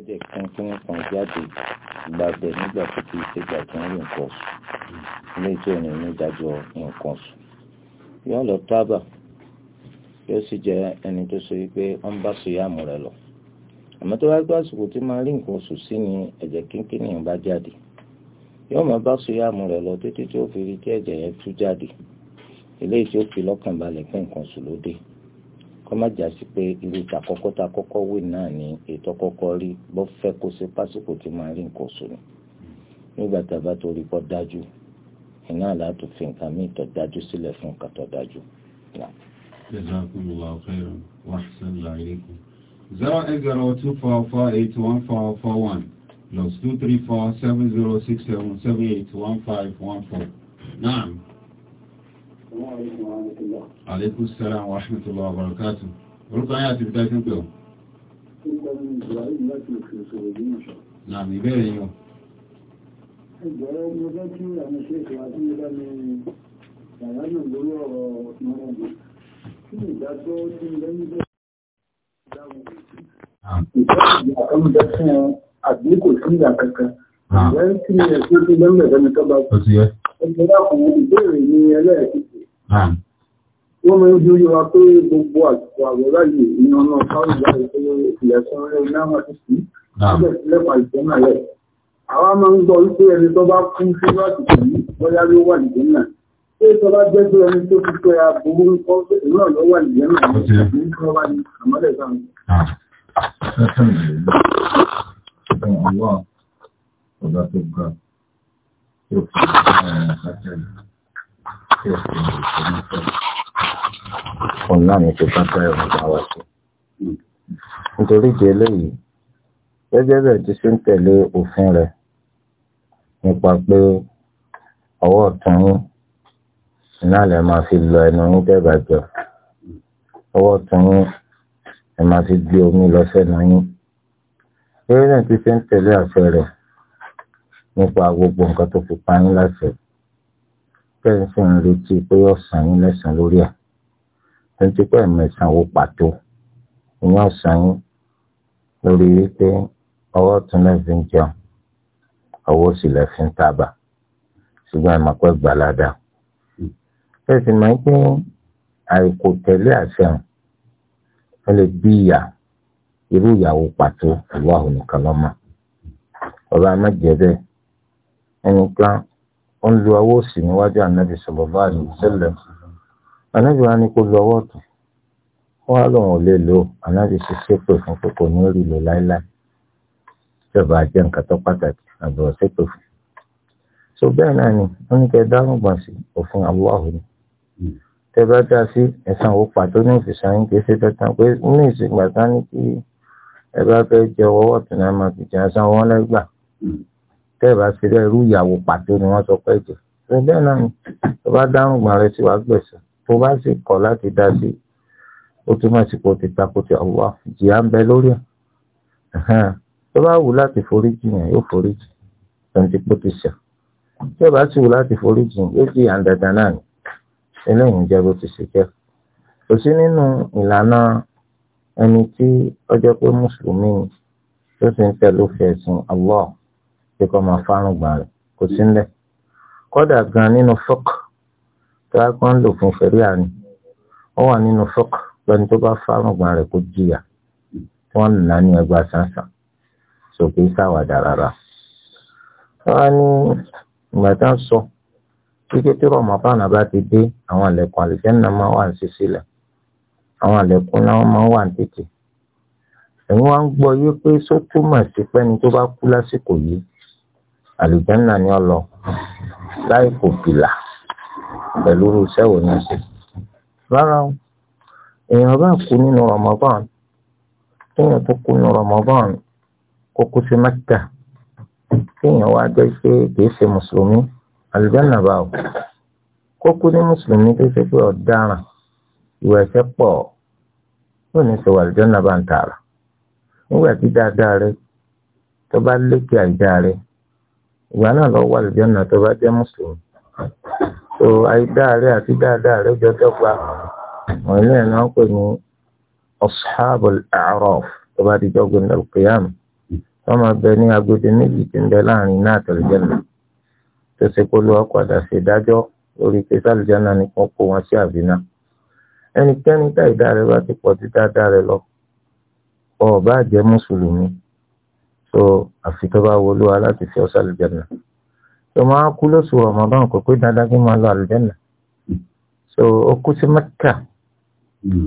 ẹlẹ́dẹ̀ kínkín kan jáde gbàgbẹ́ nígbà tó ti ṣègbà tó ń rí nǹkan sùn ilé tí òun ní ìdájọ́ nǹkan sùn yóò lọ tábà yóò sì jẹ ẹni tó so wípé wọ́n bá sùyàmù rẹ̀ lọ àmọ́ tó bá gbọ́ àsìkò tí máa rí nǹkan sùn sí ni ẹ̀jẹ̀ kínkín yẹn bá jáde yóò máa bá sùyàmù rẹ̀ lọ títí tí ó fi rí kí ẹ̀jẹ̀ yẹn tú jáde ilé tí ó fi lọ́kàn balẹ̀ pé nǹkan sùn ló dé kọ́má jásí pé irú ìtàkọ́kọ́ tá a kọ́kọ́ wí náà ni ètò kọ́kọ́ rí bó fẹ́ kó ṣe pásìkò tí máa rí nǹkan oṣù ni nígbà tá a bá torí pọ́ dájú iná àlàtò fi nǹkan mí ìtọ́ dájú sílẹ̀ fún nǹkan tó dájú. zero eight zero two four four eight one four four one plus two three four seven zero six seven seven eight one five one four. Naam. Àlékún sára àwọn aṣíkòtòlọ àbàrùkátù. Orúkọ ayé àti ìdájú pẹ̀ ọ̀. Nàmì ìbẹ̀rẹ̀ yọ. Ìgbẹ̀rẹ̀ mo fẹ́ kí àwọn ṣe ìṣẹ́wà tí ó bá ní yàrá náà lórí ọ̀rọ̀ ìmọ̀ràn Kí ni ìdájọ́ tí ń lẹ́yìn bẹ́ẹ̀ Ìgbẹ̀rẹ̀ tí tí lẹ́mẹ̀ẹ́dẹ́mi tó bá. Ó ti yẹ. Ẹgbẹ̀rẹ̀ ọkùnrin Wọ́n mọ̀ ojú orí wa pé gbogbo àtìkò àwọ̀rá yìí ní ọ̀nà ọ̀táwọ̀ ìyá ìpínlẹ̀ ìyẹ̀sán rẹ̀ náà wọ́n ti sí. Bẹ́ẹ̀ sí lẹ́pàá ìtẹ́ náà lẹ̀. Àwa máa ń gbọ́ wípé ẹni tó bá kú sí lásìkò yìí, bóyá ló wà nìjẹ́ náà. Ṣé tó bá jẹ́ pé ẹni tó ti pé aburú ń kọ́ pé náà ló wà nìjẹ́ náà ló ti tí ọ̀sẹ̀ ní ìṣẹ́ ní pẹ̀lú òun náà ni ti bá bá ẹ̀rọ bá wá sí. nítorí ìdí eléyìí gẹ́gẹ́ bẹ́ẹ̀ ti ṣe ń tẹ̀lé òfin rẹ̀ nípa pé ọwọ́ ọ̀tún yín iná lẹ̀ máa fi lọ ẹnu yín dẹ́gbà jọ ọwọ́ ọ̀tún yín ẹ̀ máa fi gbé omi lọ sẹ́nu yín gẹ́gẹ́ bẹ́ẹ̀ ti ṣe ń tẹ̀lé àṣẹ rẹ̀ nípa gbogbo nǹkan tó fi pa yín láṣẹ bẹ́ẹ̀ sì ń retí pé ọ̀sán yín lẹ́sàn lórí ẹ̀ ẹtí pẹ́ mẹ́sàn owó pàtó ìyẹn ọ̀sán yín lórí wípé ọwọ́ tún lẹ́fí ń jẹun ọwọ́ sì lẹ́fí ń tábà ṣùgbọ́n ẹ̀ pẹ́ gbàládà bẹ́ẹ̀ máa ń pín àìkò tẹ̀lé àṣẹ̀hùn wọ́n lè bí ìyà irú ìyàwó pàtó ìwà òun nìkan lọ́mọ ọba mẹ́jẹ bẹ́ẹ̀ ẹnìkan ó ń lo ọwọ́ òsì níwájú ànábì sallallahu alaihi wasallam ànábì wa ní kó lo ọwọ́ ọ̀tún ó wá lòun ò lè lò ó ànábì ṣe ṣépè fún pé kò ní rí lò láéláé ìjọba àjẹ́ nǹkan tó pàtàkì àbúrò ṣépè fún so bẹ́ẹ̀ náà ni wọ́n ní kẹ́ dáhùn gbọ̀n sí òfin Allahu ni tẹ́ bá dá sí ẹ̀sán owó pàtó ní òfìsà yín kì ṣe dandan pé ní ìsìnkú àtàní kí ẹ bá fẹ́ jẹ ọwọ́ ọ̀tún náà máa fi jẹ ẹ̀sán wọn lẹ́gbàá tẹ́ ẹ bá ṣe bẹ́ẹ̀ irú ìyàwó pàtó ni wọ́n sọ pé jẹ́ ṣe bẹ́ẹ̀ náà ni tó bá dáhùn gbọ̀n rẹ sí wàá gbẹ̀sẹ̀ tó bá sì kọ̀ láti dá sí ó túmọ̀ sí kò ti takò ti ọ̀wá jìyà ń bẹ lórí ẹ̀ tó bá wù láti foríjì yẹn yóò foríjì ẹ̀ ń ti pé ti ṣẹ̀ tí sì wù láti foríjì yóò di àǹdàdà náà ni eléyìí jẹ́ bó ti ṣe jẹ́ kò sí nínú ìlànà ẹni tí ọjọ́ pé mùsùlùmí ló ti ń tẹ̀lé òfin ẹ̀sìn Allah pé kọ́ máa fárùn gbà rẹ̀ kò sí ńlẹ̀ kọ́dà gan nínú fọ́k tó a kàn lò fún fẹ̀rí àárín ó wà nínú fọ́k lọ́ni tó bá fárùn gbà rẹ̀ kó jìyà tí wọ́n nà ní ẹgbà sàǹsàn sòkè sáwàdà rárá. wọ́n ní ìgbà tá a sọ kíkẹ́ tí rọ̀mọ́bánà bá ti dé àwọn àlẹ̀kùn àlùjẹ́nà máa wà ní sísílẹ̀ àwọn àlẹ̀kùn náà máa wà ní tètè ẹ̀yin wá ń gbọ́ yé pé sótúmọ̀ sí pẹ́ni tó bá kú lásìkò yìí àlùjánnà ni ọ lọ láì kò bìlà pẹ̀lú irúṣẹ́ wo ni ṣe. rárá èèyàn bá kú nínú Ramadan kéèyàn tó kú nínú Ramadan kó kú sí Mẹ́kà kéèyàn wá jẹ́ pé kìí ṣe mùsùlùmí àlùjánnà bá o kó kú ní mùsùlùmí tó ṣe pé ọ̀daràn ìwà ẹ̀ṣẹ̀ pọ̀ ó ní sọ àlùjánnà bá ń tààrà nígbà tí dáadáa rẹ tó bá lékè àìdáa rẹ ìgbà náà lọ wà lójú ọ̀nà tó bá jẹ́ mùsùlùmí so àìdáa rẹ àti dáadáa rẹ jọ dọ́gba wọn ilé ẹ̀ náà ń pè ní ashabul a'raf tó bá di jọ́gbìn al-qiyam wọ́n máa bẹ ní agbede méjì tí ń bẹ láàrin náà àtàlùjẹ́nà tó ṣe kó ló ọ̀padà ṣèdájọ́ lórí pé sálùjẹ́nà ni wọ́n kó wọn sí àbínà ẹnikẹ́ni tá bá ti pọ̀ sí dáadáa lọ ọ̀ bá jẹ́ mùsùlùmí So, àfi tó bá wọlé wa láti fi ọsẹ àlùjẹnà tó máa kú lóṣù Ramadan kò pé dandan kí máa lọ àlùjẹnà tó ó kú sí Mẹ́kà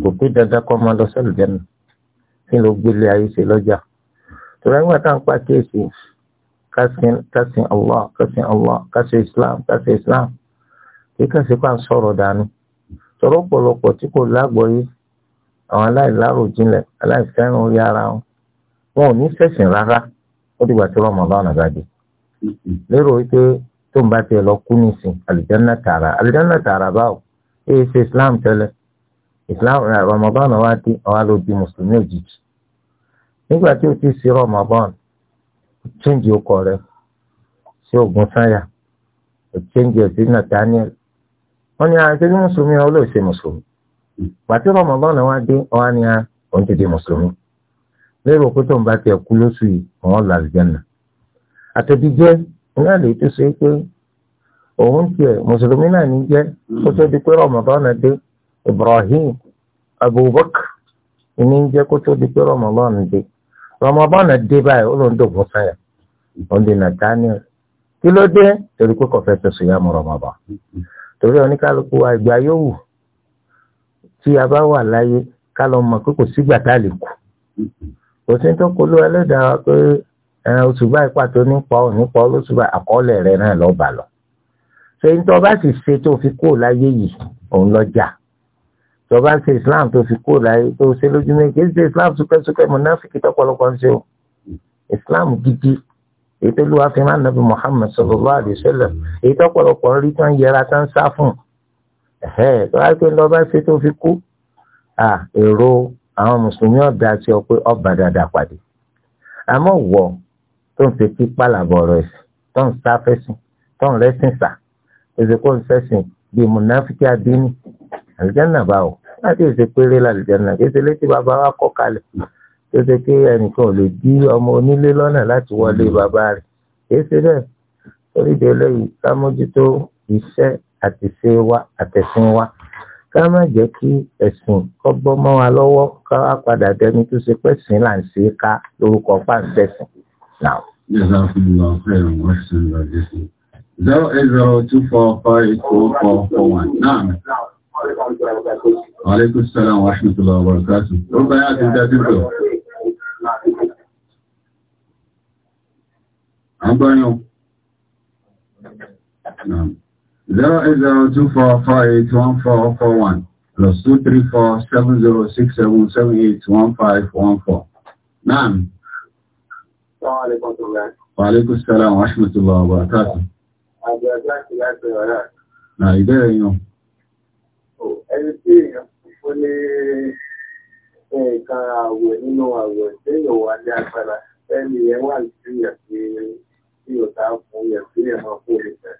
kò pé dandan kó máa lọ sí àlùjẹnà kí ló gbélé ayé ṣe lọ́jà tó rẹ̀ nígbà tá pa kéèsì kásìn kásìn Allah kásìn Allah kásìn Islam kásìn Islam kí kásìn kó à ń sọ̀rọ̀ dànù tọrọ ọ̀pọ̀lọpọ̀ tí kò lágbọ́yé àwọn aláìláròjinlẹ̀ aláìfẹ́ràn orí ara wọn ò ní ṣẹ̀sìn rárá ó dìgbà tí Ramadan bá lérò wípé tó ń bá tiẹ̀ lọ kú nísìn àlùjáná tààrà àlùjáná tààrà báwò ẹ ṣe Islam tẹ́lẹ̀ Islam Ramadan wá dé ọ̀há ló di mùsùlùmí òjijì nígbà tí o ti ṣe Ramadan change ọkọ rẹ sí sáyà o change ẹ sí Nathaniel wọn ni àti ní mùsùlùmí olóòṣè mùsùlùmí pàtí lérò pé tóun bá tiẹ̀ kú lóṣù yìí òun là àlùjánnà àtẹ̀bí jẹ́ iná lè tó ṣe pé òun tiẹ̀ mùsùlùmí náà ní jẹ́ kó tó di pé Ramadan dé Ibrahim Abubakar ìní ń jẹ́ kó tó di pé Ramadan dé Ramadan dé báyìí ó ló ń dògbò sáyà ó ń di Nathaniel kí ló dé torí pé kò fẹ́ tó ṣe yàmù Ramadan torí oníkálukú àgbà yóò wù tí a bá wà láyé ká lọ mọ̀ pé kò sígbà tá a lè kù kò sí tó polú ẹlẹ́dàá pé ẹran oṣù báyìí pàtó nípa ọ̀ nípa ọ̀ lóṣù báyìí àkọọ́lẹ̀ rẹ̀ náà lọ́ọ́ bà lọ. ṣé ní tó bá sì ṣe tó fi kúrò láyé yìí òun lọ́jà tó bá ṣe Islam tó fi kúrò láyé tó ṣe lójú méjì ṣe Islam súkẹ́súkẹ́ mọ̀náfíkì tọ́pọ̀lọpọ̀ ń ṣe o Islam gidi èyí tó lùwà fi máa nàbì Muhammad sallallahu alaihi wasallam èyí tọ́pọ̀lọpọ̀ ń rí tán yẹra tán sá fún un ẹ̀hẹ́ tó bá ṣe tó fi kú èrò àwọn mùsùlùmí ọ̀dà sí ọ pé ọba dáadáa pàdé àmọ́ wọ tó ń fetí pàlàbọ̀ ọ̀rọ̀ ẹ̀sìn tó ń sá fẹ́sìn tó ń rẹ́sìn sà èsì kó ń sẹ́sìn bíi mùnáfíkì àdínì àlùjáná bá wò láti èsì péré làlùjáná èsì létí bàbá wa kọ́ kalẹ̀ tó ṣe ẹnìkan ò lè dí ọmọ onílé lọ́nà láti wọlé bàbá rẹ̀ èsì bẹ́ẹ̀ orílẹ̀ lẹ́yìn ká iṣẹ́ àtìṣe wa àtẹ̀sìn wa ká má jẹ́ kí ẹ̀sìn kọ́gbọ́ mọ́ wa lọ́wọ́ ká wá padà dẹni tó ṣe pé sìn là ń ṣe ká lórúkọ pàǹtẹ̀ sìn. Zero eight zero two four five eight four four four one. Naam. Aleykum salaam wa rahmatullahi wa barakatuh. Orúkọ yẹn àti ìdájú tó. À ń 08024481441 plus 2347067781514. Naam. Wa alaikum salam wa rahmatullahi wa barakatuh. Àjọ ẹgbẹ́ àti láti ọ̀rá. Nà ìbẹ̀rẹ̀ yàn. Ẹni tí èèyàn fún ní nǹkan àwẹ̀ nínú àwẹ̀ tí èèyàn wà ní agbára, ẹni yẹn wà ní ìyàn tí yóò tá fún yẹn tí èèyàn máa kó lè fẹ́.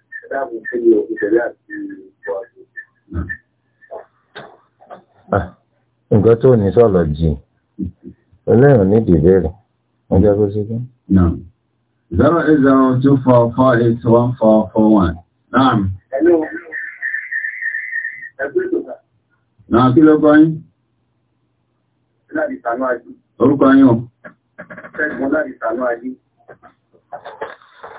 Ah, nǹkan tó ní sọ̀rọ̀ jì ẹlẹ́yìn ní ìbéèrè ọjọ́ tó ṣe kí. zero eight zero two four four eight one four four one. naam. naam kí ló kọ́ yín. orúkọ yín o.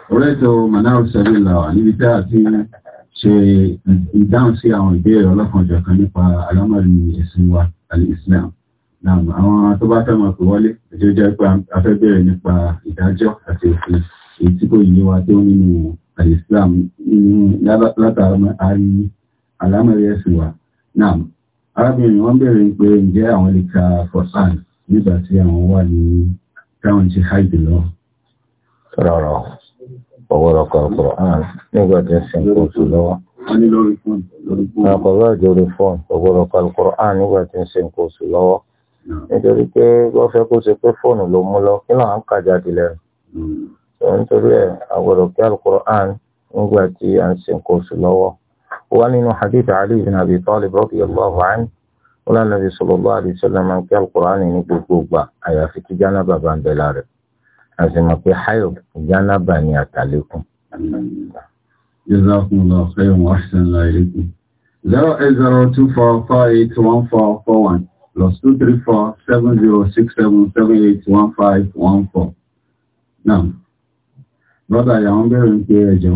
Oreto Manar Sabila wà níbi tí a ti ṣe ìdáhùn sí àwọn ìbéèrè ọlọ́kanjọ kan nípa alámọ̀rí ẹ̀sìn wa al-Islam. Àwọn tó bá fẹ́ mọ̀ pé wọlé, ẹjọ́ jẹ́ pé a fẹ́ bẹ̀rẹ̀ nípa ìdájọ́ àti òfin èyí tí kò yí tó nínú al-Islam látàrí alámọ̀rí ẹ̀sìn wa. Naam, arábìnrin wọ́n bèèrè pé ǹjẹ́ àwọn lè ka Quran nígbà tí àwọn wà ní táwọn ti hajj lọ. Rárá ọ̀wọ́rọ̀ kan Kùránì nígbà tí ń sin kò sí lọ́wọ́ àkọ̀wé àjò orí fóònù ọ̀wọ́rọ̀ kan Kùránì nígbà tí ń sin kò sí lọ́wọ́ nítorí pé wọ́n fẹ́ kó ṣe pé fóònù ló mú lọ kí làwọn kà jáde lẹ́nu tó nítorí ẹ̀ àwọ̀rọ̀ kí Al-Kùránì nígbà tí à ń sin kò sí lọ́wọ́ wọ́n nínú hadith Ali ibn Abi Talib radiyallahu anhu wọ́n lánàá bí sallallahu alaihi wasallam máa ń kí Al-Kùránì ní gbogbo gbà àyàfi kí jáná bàbá àṣìmọ̀ pé hayo ìjánàbà ni àtàlékún. Jazakumullahu khairan wa ahsana ilaykum. 08024481441 plus 2347067781514. Now, brother yà wọ́n bẹ̀rẹ̀ ń pé ẹjọ́,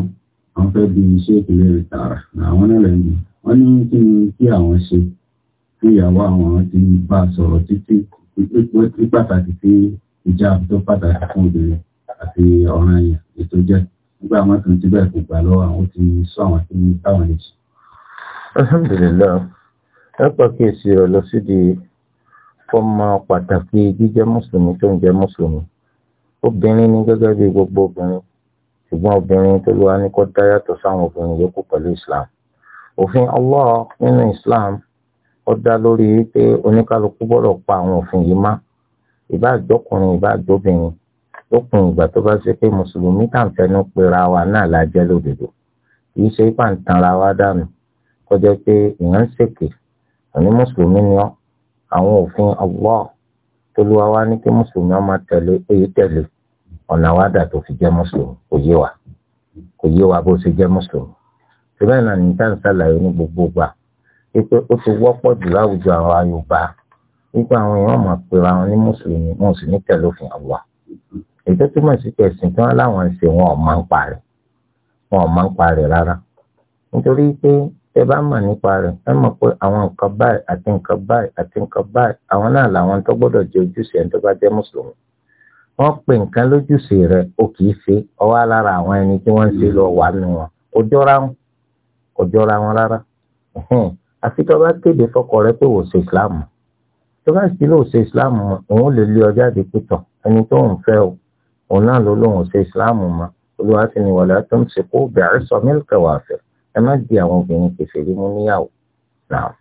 wọ́n fẹ́ bí iṣẹ́ ìpínlẹ̀ ìtara, àwọn ẹlẹ́nu, wọ́n ní kí ni kí àwọn ṣe fún ìyàwó àwọn tí bá sọ̀rọ̀ títí pàtàkì tí ìjáàbù tó pàtàkì fún obìnrin àti ọ̀ràn èèyàn ètò jẹ́ nígbà àwọn tó ti bẹ́ẹ̀ kò gbà lọ́wọ́ àwọn ti sọ àwọn tí táwọn lè ṣe. alhamdulillah ẹ̀pọ̀ kíyèsí rẹ̀ lọ sídi fọ́mọ pàtàkì jíjẹ́ mùsùlùmí tó ń jẹ́ mùsùlùmí obìnrin ní gẹ́gẹ́ bí gbogbo obìnrin ṣùgbọ́n obìnrin tó ló wá ní kó dá yàtọ̀ sáwọn obìnrin yòókù pẹ̀lú islam òfin Allah nínú islam ó dá lórí pé oníkálukú gbọ́dọ̀ pa àwọn òfin yìí má ìbá àjọkùnrin ìbá àjọbìnrin lópin ìgbà tó bá ṣe pé mùsùlùmí tàǹfẹ́nu pera wa náà la jẹ́ lódodo kì í ṣe ipá ń tanra wa dànù kọjá pé ìyẹn ń ṣèké àní mùsùlùmí ni ọ́ àwọn òfin Allah tolúwa wa ní kí mùsùlùmí ọmọ tẹ̀lé èyí tẹ̀lé ọ̀nà wa dà tó fi jẹ́ mùsùlùmí kò yé wa kò yé wa bó ṣe jẹ́ mùsùlùmí ṣùgbọ́n ìlànà ìtàn ṣàlàyé ní gbogbo gbà wípé ó ti wọ́pọ̀ jù láwùjọ àwọn Yorùbá wípé àwọn èèyàn máa pera wọn ní mùsùlùmí wọn sì ní tẹ̀lé òfin Allah ètò túmọ̀ sí pé ẹ̀sìn tí wọ́n láwọn ṣe wọn ò máa ń parẹ́ wọn ò máa ń parẹ́ rárá nítorí pé tẹ bá mọ̀ nípa rẹ̀ ẹ mọ̀ pé àwọn nǹkan báyìí àti nǹkan báyìí àti nǹkan báyìí àwọn náà làwọn tó gbọ́dọ̀ jẹ ojúṣe ẹni tó bá jẹ́ mùsùlùmí wọ́n pe nǹkan lójúṣe rẹ̀ o kì í ṣe ọwọ́ alára àwọn ẹni tí wọ́n ń ṣe lọ wà nù wọn kò wọn rárá àfi bá kéde fọkọ rẹ pé wò ṣe ìsìláàmù tó bá sì lóò ṣe ìsìláàmù òun lè lé ọjà àdìpọ̀ tán ẹni tó ń fẹ́ o òun náà ló lóun ṣe ìsìláàmù mọ́ olúwa ti ní wàlá tó ń ṣe kó bẹ̀rẹ̀ sọ mílíkẹ̀ wà fẹ́ ẹ má di àwọn obìnrin kẹfẹ́rí mú níyàwó náà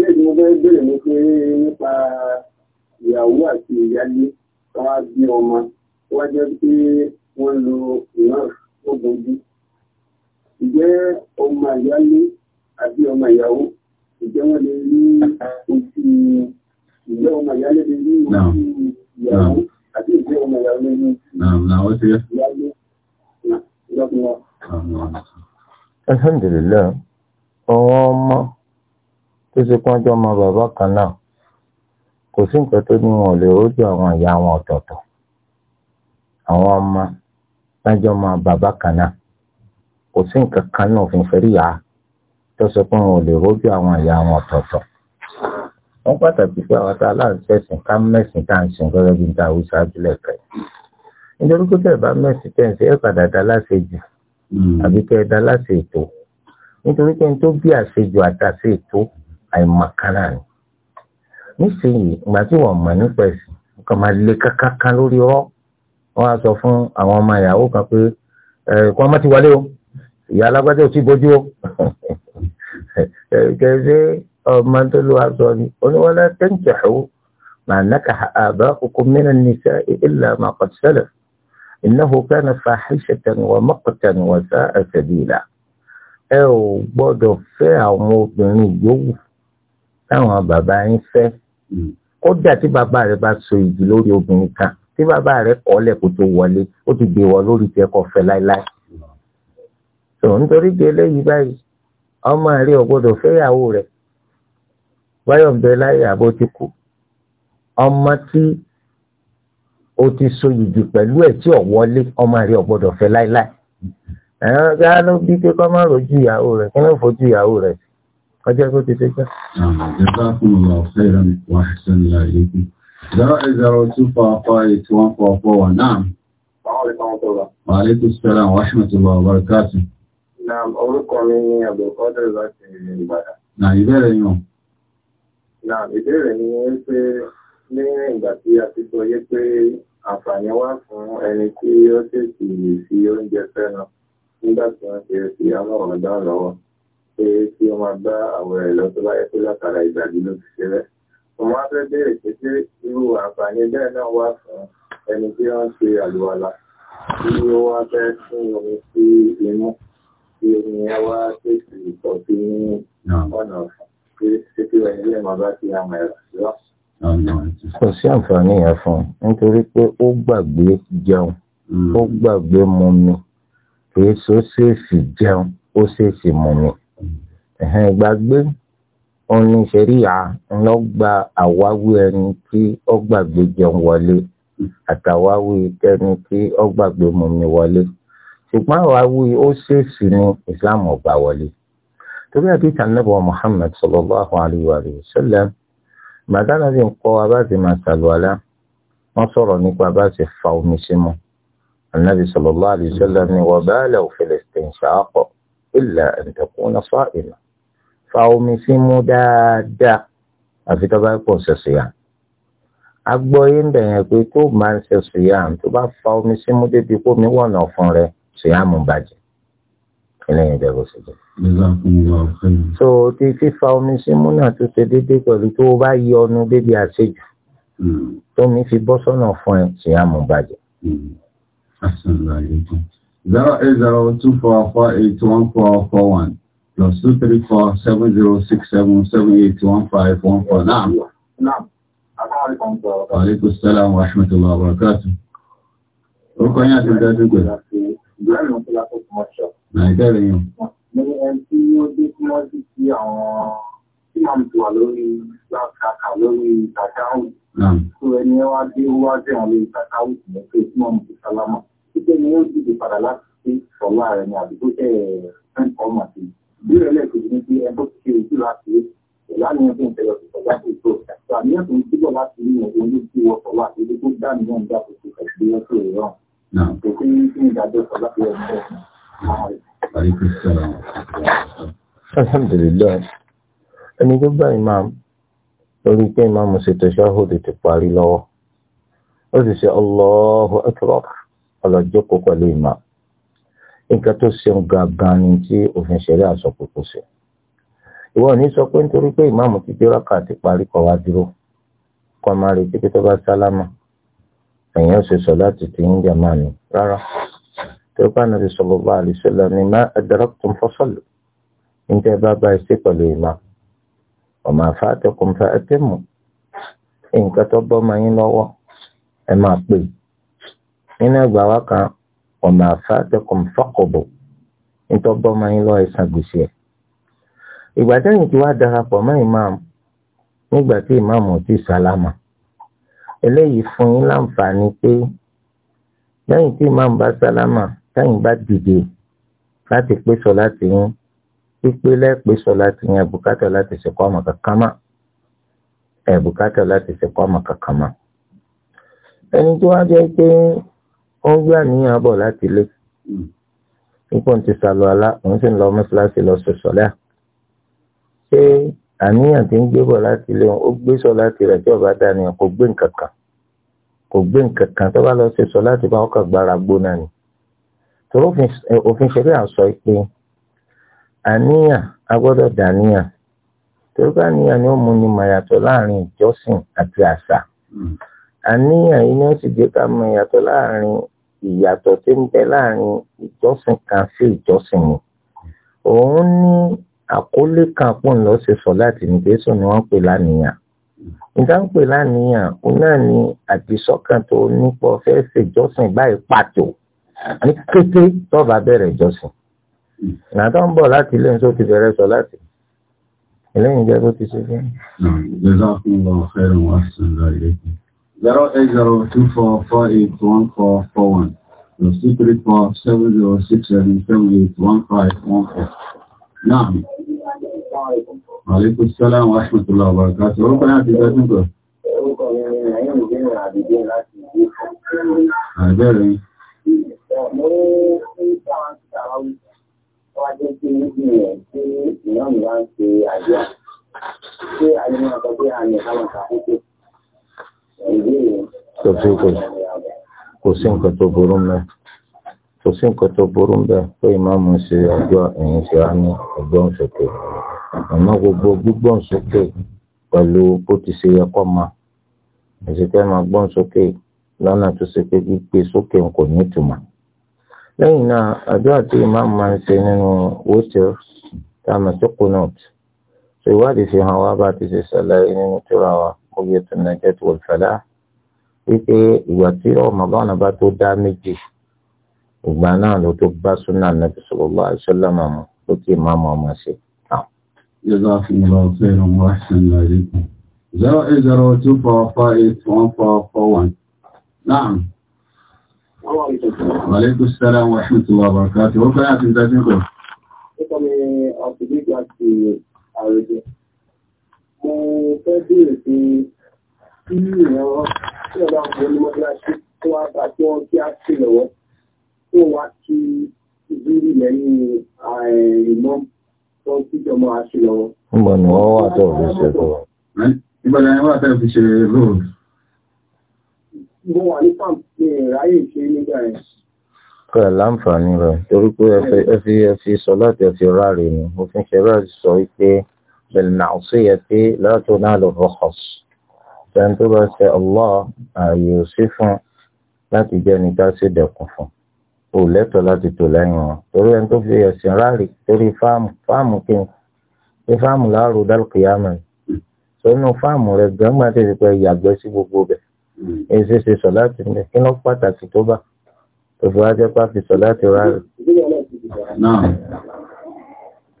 ìbéèrè tí mo fẹ́ béèrè ni pé nípa ìyàwó àti ìyáálé wọn á bí ọmọ wọn jẹ́ pé wọ́n lo ìran tó bojú ìjẹ́ ọmọ ìyáálé àbí ọmọ ìyàwó ìjẹ́ wọ́n lè rí ojú ìjẹ́ ọmọ ìyáálé lè rí ojú ìyàwó àti ìjẹ́ ọmọ ìyàwó lè rí ojú ìyáálé lọ́kùnrin. alhamdulillah ọmọ tó ṣe pọ́n jọ ọmọ bàbá kan náà kò sí nǹkan tó ní wọn ò lè rójú àwọn ìyá wọn ọ̀tọ̀ọ̀tọ̀ àwọn ọmọ lájọ́ ọmọ bàbá kan náà kò sí nǹkan kan náà òfin fẹ́ríyà tó ṣe pọ́n wọn ò lè rójú àwọn ìyá wọn ọ̀tọ̀ọ̀tọ̀ wọ́n pàtàkì pé àwọn tá a láǹṣẹ̀sìn ká mẹ́sìn tá à ń sìn gẹ́gẹ́ bí ta àwùjọ abúlé kẹ́ nítorí pé tẹ̀ bá mẹ́sìn tẹ̀sí ẹ̀ padà dá láṣẹ jù hmm. àbí kẹ́ ẹ dá láṣẹ ètò nítorí pé n tó bí àṣejù àtàṣe ètò àìmọ̀kánà ni nísìnyí ìgbà tí wọ́n mọ̀ nípa ẹ̀sìn nǹkan máa le kankan lórí ọ̀rọ̀ wọ́n á sọ fún àwọn ọmọ ìyàwó kan pé ẹ kó ọmọ ti wọlé o ìyá alágbádé ò tí bójú o kẹsẹ ọmọ tó lu aṣọ ni oníwọlé tẹǹtẹ ọwọ màá nàkà àbá òkú mìíràn nìṣẹ ìlà máa kọ sẹlẹ ìnáwó kánà fàáhíṣẹ tẹnuwọ mọkọtẹ nuwọ sá ẹsẹ bíi ẹ ò gbọ́dọ̀ fẹ́ àwọn obìnrin yòówù táwọn bàbá yín fẹ́ hmm. kódà tí bàbá rẹ bá so ìdí lórí obìnrin kan tí bàbá rẹ kọ́lẹ̀ kó tó wọlé ó ti gbé wọ lórí tiẹ̀ kọ́ fẹ́ láéláé tó nítorí di eléyìí báyìí ọmọ rẹ ò fẹ́yàwó rẹ báyọ̀ bẹ láyé àbó ti kú ọmọ tí o ti so ìdí pẹ̀lú ẹ̀ tí ò wọlé ọmọ rẹ ò gbọdọ̀ fẹ́ láéláé ẹ̀rọ bí a ló bí pé kọ́ máa rojú ìyàwó rẹ̀ kí ló fojú ìyàwó rẹ̀ sí ọjọ́ ìgbó ti tẹ́gbẹ́. Zero eight zero two four four eight one four four one náà. Wa alaikum salaam wa rahmatullahi wa barakatuh. Náà orúkọ mi ni Abdulkadir láti Ìbàdàn. Náà ìbéèrè yín o. Náà ìbéèrè mi ni pé ní ìgbà tí a ti gbọ́ yé pé àǹfààní wà fún ẹni tí ó ṣèṣì fi oúnjẹ fẹ́ràn nígbà wọ́n ṣe sí àwọn ọ̀dọ́ lọ́wọ́ pé kí wọ́n máa bá àwọn rẹ̀ lọ tó bá pé látara ìgbàgbé ló ṣe rẹ̀. mo máa fẹ́ béèrè pé ṣé irú àǹfààní bẹ́ẹ̀ náà wà fún ẹni tí wọ́n ṣe àlùwàlà tí ó wá fẹ́ fún omi sí imú tí omi yẹn wá tètè pọ̀ sí ní ọ̀nà pé kí wọ́n ilé máa bá sí àwọn ẹ̀rọ lọ. kò sí àǹfààní yẹn fún un nítorí pé ó gbàgbé jẹun ó hmm. gbàgbé mumi kì í ṣe ó ṣèèṣì jẹun ó ṣèèṣì mumi ẹ̀hẹ́n ìgbàgbé òun ní ṣẹ̀ríà ńlọ gba àwáwí ẹni tí ó gbàgbé jẹun wọlé àtàwáwí ẹni tí ó gbàgbé mumi wọlé ṣùgbọ́n àwáwí ó ṣèèṣì ní Islam ọgbà wọlé torí àdìsá nàbọ̀ Muhammad sallallahu alayhi wa sallam màdánà sì ń kọ́ abáṣe máa ṣàlùwàlá wọ́n sọ̀rọ̀ nípa abáṣe fa omi símú Ànábì sallallahu alayhi wa wọ́n bá àlẹ́ òfin lè ṣe ìlà ẹ̀ǹtẹ̀kùn náà fá ìmọ̀ fa omi sí mú dáadáa àfi tó bá pọ̀ ṣe sùyà. agbóyè ń bẹ̀yẹn pé tó máa ń ṣe sùyà tó bá fa omi sí mú débi kó mi wọ̀nà fún rẹ sùyà mú bàjẹ́ ẹlẹ́yìn ìbẹ̀rù ṣùgbọ́n. so ti fífa omi símú náà tó ṣe déédéé pẹ̀lú tó bá yí ọnu débi àṣejù tómi fi bọ́ sọ́nà fún ẹ ṣe àmúbàjẹ́. 08024481441 plus 2347067781514. Naam. Naam. Aleykum salaam wa rahmatullahi wa barakatuh. Orúkọ yín àti ìdájú pẹ̀. Nàìjíríà yìí. Ní ẹni tí ó dé tí wọ́n sì sí àwọn tí máa ń tùwà lórí láàkàkà lórí tàkàwù. Tó ẹni wá dé wá dé àwọn lórí tàkàwù tí wọ́n ti sálámà títẹ́ ni wọ́n dìde padà láti ṣe ọ̀la rẹ̀ ní àdúgbò ẹ̀ ẹ̀ ọmọ àti ìbéèrè ẹlẹ́ẹ̀kejì ni pé ẹgbẹ́ ti ṣe ojú láti ṣe lánàá ẹgbẹ́ ìtẹ̀lẹ̀ ọ̀sẹ̀ láti ìtò ẹ̀sọ́ àníyàn tó ń túbọ̀ láti rí ìwọ̀n ojú tí wọ́n sọ láti ilé tó dá nínú ìjà tó ti ẹ̀sìn ẹ̀sọ́ ìrọ̀rùn. kò sí ní ìdájọ́ sọ láti ẹ̀ ẹni tó bá imam lórí pé imam ṣètò ṣáhùdì ti parí lọ́wọ́ ó sì ṣe Allahu akbar ọlọ́jókòó pẹ̀lú ìmọ̀ nǹkan tó ṣeun gangan ni tí òfin ṣẹlẹ̀ àsọpọ̀pọ̀ ṣe ìwọ ní sọ pé nítorí pé ìmáàmù ti dé wákàtí parí kọ wá dúró kọ máa retí pé tó bá sálámà ẹ̀yìn ṣe sọ láti ti ń jà máa ní rárá tó bá nàbí sallallahu alaihi wasallam ní má adraktum fasallu níta bá bá ṣe pẹ̀lú ìmá wa ma fatakum fa atimmu nǹkan tó bọ́ máa yín lọ́wọ́ ẹ máa pè é nínú ẹgbàá wa kan ọ̀nà àfáàtẹ̀kùn fọ́kọ̀bọ̀ nítorí bọ́mọ yín lọ́ọ́ ẹ̀sán gbèsè ẹ̀. ìgbà tẹ́yìn tí wàá darapọ̀ mọ́ ìmáàmù nígbà tí ìmáàmù ti sálámà eléyìí fún yín láǹfààní pé lẹ́yìn tí ìmáàmù bá sálámà tẹ́yìn bá dìde láti pé sọ láti yín pípé lẹ́ẹ̀pẹ́ sọ láti yín ẹ̀bùkátà láti ṣèkọ́ ọmọ kankan mọ́ ẹ̀bùkátà láti ṣèkọ́ ọmọ kankan mọ́ ẹni tí wọ́n jẹ́ pé ó gbé àníyàn bọ̀ láti ilé hmm. nípò ti sàlọ alá òun sì ń lọ mọ́ṣáláṣí lọ sọ̀sọ̀ lẹ́à ṣé àníyàn ti ń gbé bọ̀ láti ilé ó gbé sọ láti rẹ̀ tí ọba dànìyàn kò gbé nǹkan kan kò gbé nǹkan kan tó bá lọ ṣe sọ láti bá ọkọ̀ gbára gbóná ni tòró òfin ṣeré àṣọ pé àníyàn a gbọ́dọ̀ dàníyàn torí ká níyàn ni ó mú ni màyàtọ̀ láàrin ìjọsìn àti àṣà hmm àníyàn yìí ni ó sì jẹ́ ká mọ ìyàtọ̀ láàrin ìyàtọ̀ tí ń bẹ láàrin ìjọsìn kan sí ìjọsìn mi òun ní àkólé kan pọ̀ ńlọ ṣe sọ láti ní jésù ni wọ́n pè lánìyàn nígbà ń pè lánìyàn òun náà ni àdìsọ́kàn tó nípò fẹ́ ṣèjọsìn báyìí pàtó ní kété tó bá bẹ̀rẹ̀ ìjọsìn nàtọ́ ń bọ̀ láti ilé tó ti bẹ̀rẹ̀ sọ láti eléyìí jẹ́ bó ti ṣe jẹ́. Zero zero eight eight two four four four four one one 08024481441 plus seven Náà. Àlékún sálàm wa ṣùgbọ́n ọ̀bà kàtí orúkọ náà ti gbẹ́sùn kọ̀. Orúkọ mi ni àyè ìgbẹ́rẹ̀ àdìgbé láti ìgbé. Àbẹ́rẹ̀. Mo ní kí táwọn ti tàwọn wá jẹ́ kí ní bí ẹ̀ tí ìyá mi bá ń ṣe àjọ. Ṣé àyè máa sọ pé àmì ìbámu kà tọ́jú pé kò sí nǹkan tó burú mẹ́ kò sí nǹkan tó burú mẹ́ pé ìmáàmù ṣe àjọ ẹ̀yìn ṣe á ní ọgbọ́n sókè àmọ́ gbogbo gbígbọ́n sókè pẹ̀lú bó ti ma ìṣèkẹ́ máa gbọ́n sókè lọ́nà tó ṣe pé gbígbé sókè kò ní lẹ́yìn náà ìmáàmù máa ń ṣe nínú tá a mọ̀ sí ṣèwádìí fi hàn بقضية النجاة والفلاح wípé ìgbà tí Ramadan bá tó dá méjì ìgbà náà ló tó bá súnà nàbì sallallahu alaihi wasallam mọ ó kì í má mọ ọmọ ṣe. yàrá ìgbà fẹ́ràn wá ṣẹlẹ̀ àlékún zero eight zero two four four eight one four four one naam. Wàlékún sálám wa rahmatullahi wa barakatuh. Ó fẹ́ àti ìdájọ́ kọ̀. Ó kọ́ mi ọ̀sẹ̀ méjì àti àròjẹ mo fẹ́ béèrè pé kí ìrànwọ́ tí ọba àwọn onímọ̀láṣí tó wá bá tí wọ́n kí á sí lọ́wọ́ tó wá kí ìdírí lẹ́yìn eh, ìmọ̀ tó ń kíjọmọ́ á sí lọ́wọ́. nígbà ni wọ́n wà tó fi ṣe tó. nígbà ni wọ́n wà tó fi ṣe lóòrùn. mo wà ní pàǹpì ráyè ṣe nígbà yẹn kọ́ láǹfààní rẹ̀ torí pé ẹ fi sọ láti ẹ fi ráre ni òfin ṣe ráre sọ wípé بالمعصية لا تنال الرخص فأن تبس الله يوسف لا تجاني تاسي دقفه kò lẹ́tọ̀ọ́ láti tò lẹ́yìn wọn torí ẹni tó fi ẹ̀sìn ráàlì torí fáàmù fáàmù kí n ṣe fáàmù láàrú dálùkìyàmẹ̀ sọ́nù fáàmù rẹ̀ gbẹ́ngbà tó ti pẹ́ yàgbẹ́ sí gbogbo bẹ̀ èsì ṣe sọ láti ní kí lọ́ pàtàkì tó bá tó fi wá jẹ́ pàfi sọ láti ráàlì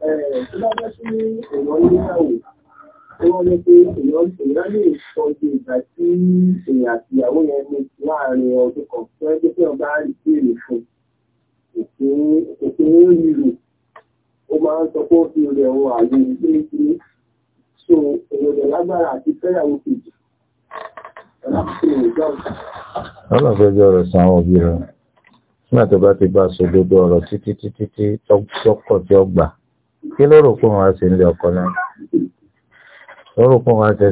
tó bá jẹ́ pé èèyàn níyàwó tí wọ́n ní pé èèyàn èèyàn lè sọ ju ìgbà tí èèyàn àti ìyàwó yẹn ní láàrin ọdún kan tó ẹ jẹ́ pé ọba rí béèrè fún òfin rírò ó máa ń sọ pé ó fi rẹ̀ ohun àyè ìgbélékiri so èèyàn rẹ̀ lágbára àti fẹ́yàwó kejì ọlọ́fẹ́jọ́ rẹ̀ san àwọn òbí rẹ̀ nígbà tó bá ti bá sọ gbogbo ọ̀rọ̀ títí títí tí tọ́kọ̀ tí ó gbà kí ló rò pé wọn ọkọ náà ló rò pé wọn á ṣe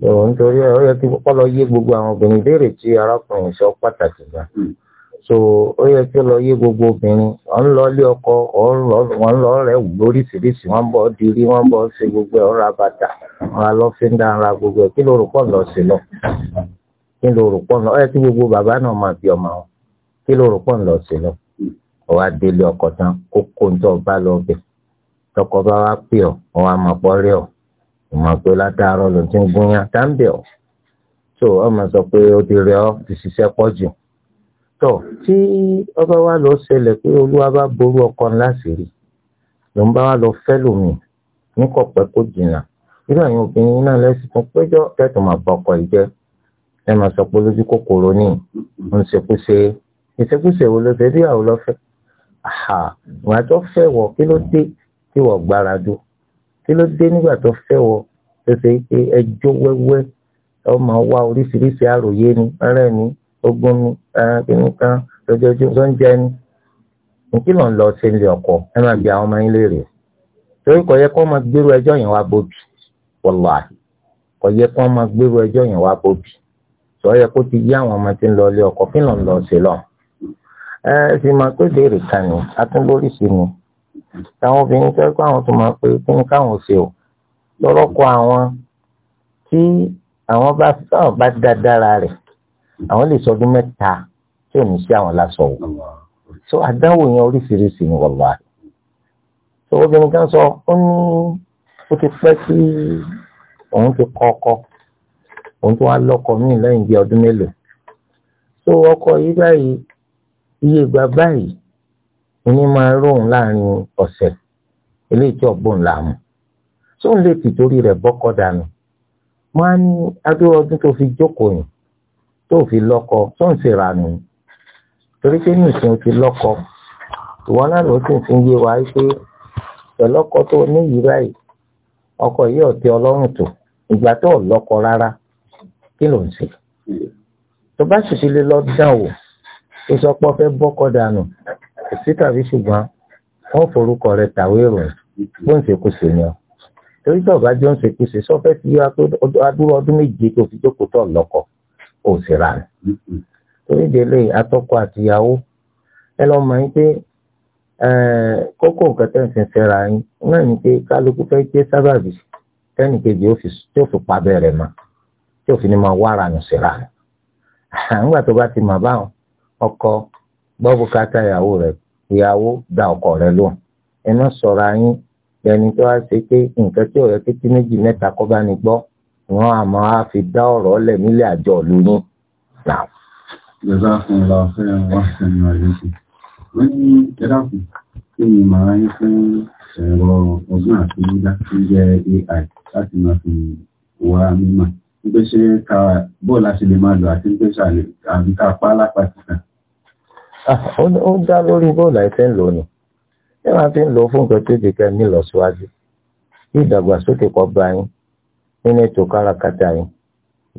ẹ ó yẹ kí kọ́ lọ yé gbogbo àwọn obìnrin tí arákùnrin sọ pàtàkì gbà so ó yẹ kí lọ yé gbogbo obìnrin wọn ń lọ ilé ọkọ wọn ń lọ rẹ wù lóríṣiríṣi wọn ń bọ dirí wọn ń bọ ṣe gbogbo ẹ ra wọn á lọ fi ń gbogbo ẹ kí ló rò pọ̀ lọ sí lọ ọwọ́ adélé ọkọ̀ tán kókó nítorí ọba lọ bẹ̀ tọkọ bá wá pè ọ́ ọwọ́ àmọ̀pọ̀ rẹ̀ ọ́ ìmọ̀ pé látàárọ̀ ló ti ń gúnyán táǹbẹ̀ ọ́ tó ọmọ sọ pé ó ti rẹ̀ ọ́ ti ṣiṣẹ́ pọ̀ jù tọ̀ tí ọba wa lọ ṣẹlẹ̀ pé olúwa bá ború ọkọ̀ ńlá sí rí ló ń bá wa lọ fẹ́ lómi ní kọ̀pẹ́ kó jìnnà irú àwọn obìnrin náà lẹ́sìn tó péjọ tẹ̀tù máa bọkọ̀ ìjẹ́ ẹ máa sọ pé lójú kòkòrò ní ìṣekúṣe ìṣekúṣe wo ló ṣe bí àwọn lọ́fẹ́ wàá tó fẹ́ wọ kí ló dé tí wọ́n gbáradó kí ló dé nígbà tó fẹ́ wọ tó ṣe pé ẹjọ́ wẹ́wẹ́ ọmọ wa oríṣiríṣi àròyé ni rẹ̀ ni ogun ni kínní kan lójoojúmọ́ tó ń jẹ ni nkí ló ń lọ sí ilé ọkọ ẹ máa bí àwọn ọmọ yín léèrè torí kò yẹ kó máa gbèrú ẹjọ́ yẹn wá bóbi wàláhì kò yẹ kó máa gbèrú ẹjọ́ yẹn wá bóbi sọ yẹ kó ti yí àwọn ọmọ tí ń lọ ilé ọkọ kí ló lọ sí lọ́hùn ẹ sì máa pé béèrè kan ní atúndóríṣi ni táwọn obìnrin fẹ́ kó àwọn tó máa pé kí ni káwọn ṣe o lọ́rọ́kọ̀ àwọn tí àwọn bá táwọn bá dá dára rẹ̀ àwọn lè sọdún mẹ́ta tí ò ní sí àwọn lásọ o so àdánwò yẹn oríṣiríṣi ni wàlúwà so obìnrin kan sọ ó ní ó ti pẹ́ sí òun ti kọ́ òun tó wá lọ́kọ míì lẹ́yìn bíi ọdún mélòó so ọkọ yìí báyìí iye ìgbà báyìí ìní máa róhùn láàrin ọ̀sẹ̀ eléyìí tí ọ̀gbọ́n là mú sóun lè tì torí rẹ̀ bọ́kọ dànù wọn á ní adúrò ọdún tó fi jókòó yìí tó fi lọ́kọ sóun sì rà nù torí pé nìsín ti lọ́kọ ìwọ náà ló sì fi ń yé wa pé pẹ̀lọ́kọ tó ní yìí báyìí ọkọ yìí ọ̀tí ọlọ́run tó ìgbà tó lọ́kọ rárá kí ló ń ṣe tó bá sì ti lè lọ dán wò ó sọ pé ọfẹ́ bọ́kọ̀ dànù sí tàbí ṣùgbọ́n wọ́n forúkọ rẹ̀ tàwé ìròyìn bó ń ṣekú sí ni ọ. torí tí ọba jọ ń ṣekú sí sọfẹ́ ti yọ adúrú ọdún méje tó fi jókòó tọ̀ lọ́kọ̀ ò sì rà ní. torí délé atọ́kọ àtìyàwó ẹ lọ́ mọ̀ yín pé kókó nǹkan tẹ́ ń fi fẹ́ra yín náà ni pé kálukú fẹ́ jẹ́ sábàbí tẹ́nìkejì tí ó fi pa bẹ́ẹ̀ rẹ̀ mọ́ tí òfin ni máa wára nù síra. àǹgbà tó bá ti mọ̀ báwọn ọkọ gbọ́ bùkátà ìyàwó rẹ̀ ìyàwó dá ọkọ rẹ̀ lóhùn ẹ má sọ̀rọ̀ ayín lẹni tó wá ṣe pé nǹkan tí ọ̀rẹ́ títí méjì mẹ́ta kọ́ bá ní gbọ́ wọn àmọ́ á fi dá ọ̀rọ̀ lẹ̀ nílé àjọ lóyún. Ìjọba fún ọlá ọ̀fẹ́ wá sẹ́nu àyẹ̀kù. Wọ́n ní ẹ̀dàkùn kí ni màá ń fún ẹ̀rọ ọgbọ́n àti dídá tó jẹ́ AI láti máa fi wá mímọ̀ pé ṣe ka bóò láti lè máa lò àti pé ṣàlè àbí ká pa lápàtì kan. Ah, ó dá lórí bóò láì fẹ́ ń lò ní ẹ máa fi ń lò fún nǹkan tó di kẹ́ ní ìlọsíwájú kí ìdàgbàsókè kó bá yín nínú ètò káràkátà yín